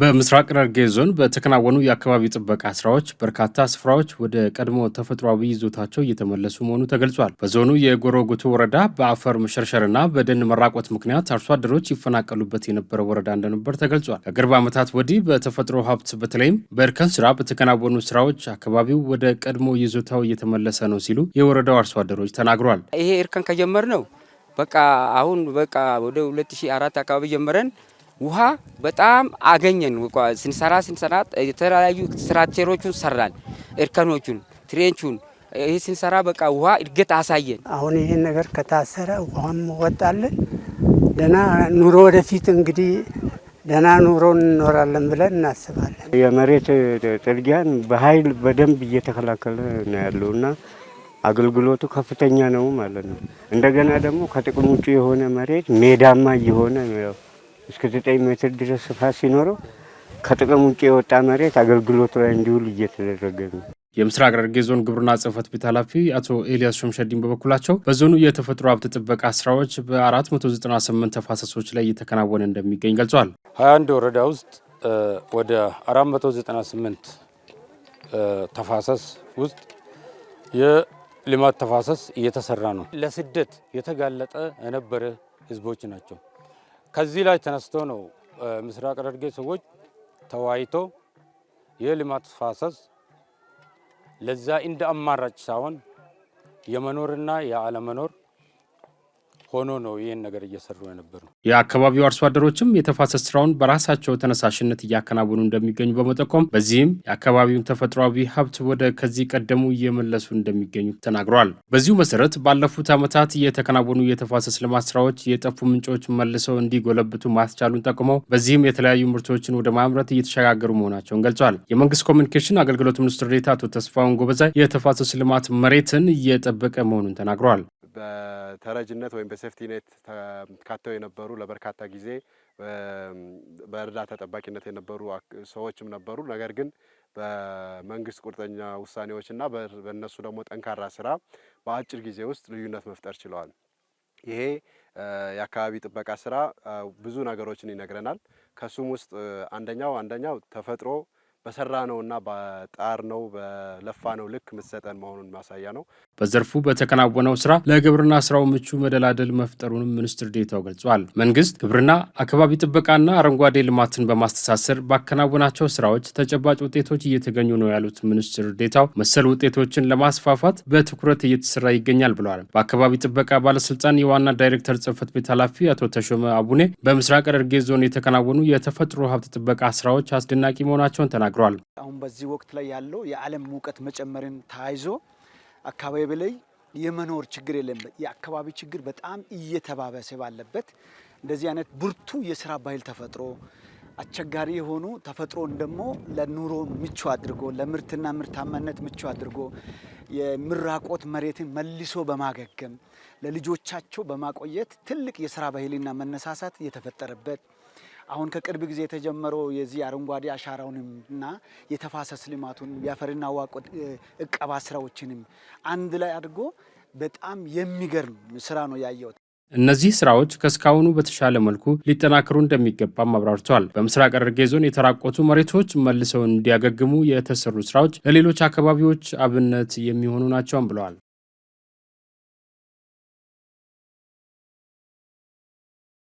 በምስራቅ ሐረርጌ ዞን በተከናወኑ የአካባቢ ጥበቃ ስራዎች በርካታ ስፍራዎች ወደ ቀድሞ ተፈጥሯዊ ይዞታቸው እየተመለሱ መሆኑ ተገልጿል። በዞኑ የጎሮጉቱ ወረዳ በአፈር መሸርሸርና በደን መራቆት ምክንያት አርሶ አደሮች ይፈናቀሉበት የነበረ ወረዳ እንደነበር ተገልጿል። ከቅርብ ዓመታት ወዲህ በተፈጥሮ ሀብት በተለይም በእርከን ስራ በተከናወኑ ስራዎች አካባቢው ወደ ቀድሞ ይዞታው እየተመለሰ ነው ሲሉ የወረዳው አርሶ አደሮች ተናግሯል። ይሄ እርከን ከጀመር ነው በቃ አሁን በቃ ወደ 2004 አካባቢ ጀመረን ውሃ በጣም አገኘን። ስንሰራ ስንሰራ የተለያዩ ስትራክቸሮቹን ሰራን፣ እርከኖቹን፣ ትሬንቹን ይህ ስንሰራ በቃ ውሃ እድገት አሳየን። አሁን ይህን ነገር ከታሰረ ውሃም ወጣለን። ደህና ኑሮ ወደፊት እንግዲህ ደህና ኑሮ እንኖራለን ብለን እናስባለን። የመሬት ጥርጊያን በኃይል በደንብ እየተከላከለ ነው ያለው እና አገልግሎቱ ከፍተኛ ነው ማለት ነው። እንደገና ደግሞ ከጥቅም ውጭ የሆነ መሬት ሜዳማ እየሆነ እስከ ዘጠኝ ሜትር ድረስ ስፋት ሲኖረው ከጥቅም ውጭ የወጣ መሬት አገልግሎት ላይ እንዲውል እየተደረገ ነው። የምስራቅ ሐረርጌ ዞን ግብርና ጽህፈት ቤት ኃላፊ አቶ ኤልያስ ሾምሸዲን በበኩላቸው በዞኑ የተፈጥሮ ሀብት ጥበቃ ስራዎች በ498 ተፋሰሶች ላይ እየተከናወነ እንደሚገኝ ገልጸዋል። 21 ወረዳ ውስጥ ወደ 498 ተፋሰስ ውስጥ የልማት ተፋሰስ እየተሰራ ነው። ለስደት የተጋለጠ የነበረ ህዝቦች ናቸው። ከዚህ ላይ ተነስቶ ነው ምስራቅ ሐረርጌ ሰዎች ተወያይቶ የልማት ፋሰስ ለዛ እንደ አማራጭ ሳይሆን የመኖርና የአለመኖር ሆኖ ነው ይህን ነገር እየሰሩ የነበሩ። የአካባቢው አርሶ አደሮችም የተፋሰስ ስራውን በራሳቸው ተነሳሽነት እያከናወኑ እንደሚገኙ በመጠቆም በዚህም የአካባቢውን ተፈጥሯዊ ሀብት ወደ ከዚህ ቀደሙ እየመለሱ እንደሚገኙ ተናግሯል። በዚሁ መሰረት ባለፉት ዓመታት የተከናወኑ የተፋሰስ ልማት ስራዎች የጠፉ ምንጮች መልሰው እንዲጎለብቱ ማስቻሉን ጠቁመው በዚህም የተለያዩ ምርቶችን ወደ ማምረት እየተሸጋገሩ መሆናቸውን ገልጿል። የመንግስት ኮሚኒኬሽን አገልግሎት ሚኒስትር ዴኤታ አቶ ተስፋውን ጎበዛይ የተፋሰስ ልማት መሬትን እየጠበቀ መሆኑን ተናግረዋል። በተረጅነት ወይም በሴፍቲ ኔት ተካተው የነበሩ ለበርካታ ጊዜ በእርዳታ ጠባቂነት የነበሩ ሰዎችም ነበሩ። ነገር ግን በመንግስት ቁርጠኛ ውሳኔዎችና በእነሱ ደግሞ ጠንካራ ስራ በአጭር ጊዜ ውስጥ ልዩነት መፍጠር ችለዋል። ይሄ የአካባቢ ጥበቃ ስራ ብዙ ነገሮችን ይነግረናል። ከሱም ውስጥ አንደኛው አንደኛው ተፈጥሮ በሰራ ነውና በጣር ነው በለፋ ነው ልክ ምትሰጠን መሆኑን ማሳያ ነው። በዘርፉ በተከናወነው ስራ ለግብርና ስራው ምቹ መደላደል መፍጠሩንም ሚኒስትር ዴታው ገልጿል። መንግስት ግብርና፣ አካባቢ ጥበቃና አረንጓዴ ልማትን በማስተሳሰር ባከናወናቸው ስራዎች ተጨባጭ ውጤቶች እየተገኙ ነው ያሉት ሚኒስትር ዴታው መሰል ውጤቶችን ለማስፋፋት በትኩረት እየተሰራ ይገኛል ብለዋል። በአካባቢ ጥበቃ ባለስልጣን የዋና ዳይሬክተር ጽህፈት ቤት ኃላፊ አቶ ተሾመ አቡኔ በምስራቅ ሐረርጌ ዞን የተከናወኑ የተፈጥሮ ሀብት ጥበቃ ስራዎች አስደናቂ መሆናቸውን ተናግረዋል። አሁን በዚህ ወቅት ላይ ያለው የዓለም ሙቀት መጨመርን ተያይዞ አካባቢ ላይ የመኖር ችግር የለም። የአካባቢ ችግር በጣም እየተባበሰ ባለበት እንደዚህ አይነት ብርቱ የስራ ባህል ተፈጥሮ አስቸጋሪ የሆኑ ተፈጥሮን ደግሞ ለኑሮ ምቹ አድርጎ ለምርትና ምርታማነት ምቹ አድርጎ የምራቆት መሬትን መልሶ በማገገም ለልጆቻቸው በማቆየት ትልቅ የስራ ባህልና መነሳሳት የተፈጠረበት አሁን ከቅርብ ጊዜ የተጀመረው የዚህ አረንጓዴ አሻራውንም እና የተፋሰስ ልማቱን የአፈርና ውሃ እቀባ ስራዎችንም አንድ ላይ አድርጎ በጣም የሚገርም ስራ ነው ያየሁት። እነዚህ ስራዎች ከእስካሁኑ በተሻለ መልኩ ሊጠናከሩ እንደሚገባም አብራርተዋል። በምስራቅ ሐረርጌ ዞን የተራቆቱ መሬቶች መልሰው እንዲያገግሙ የተሰሩ ስራዎች ለሌሎች አካባቢዎች አብነት የሚሆኑ ናቸውም ብለዋል።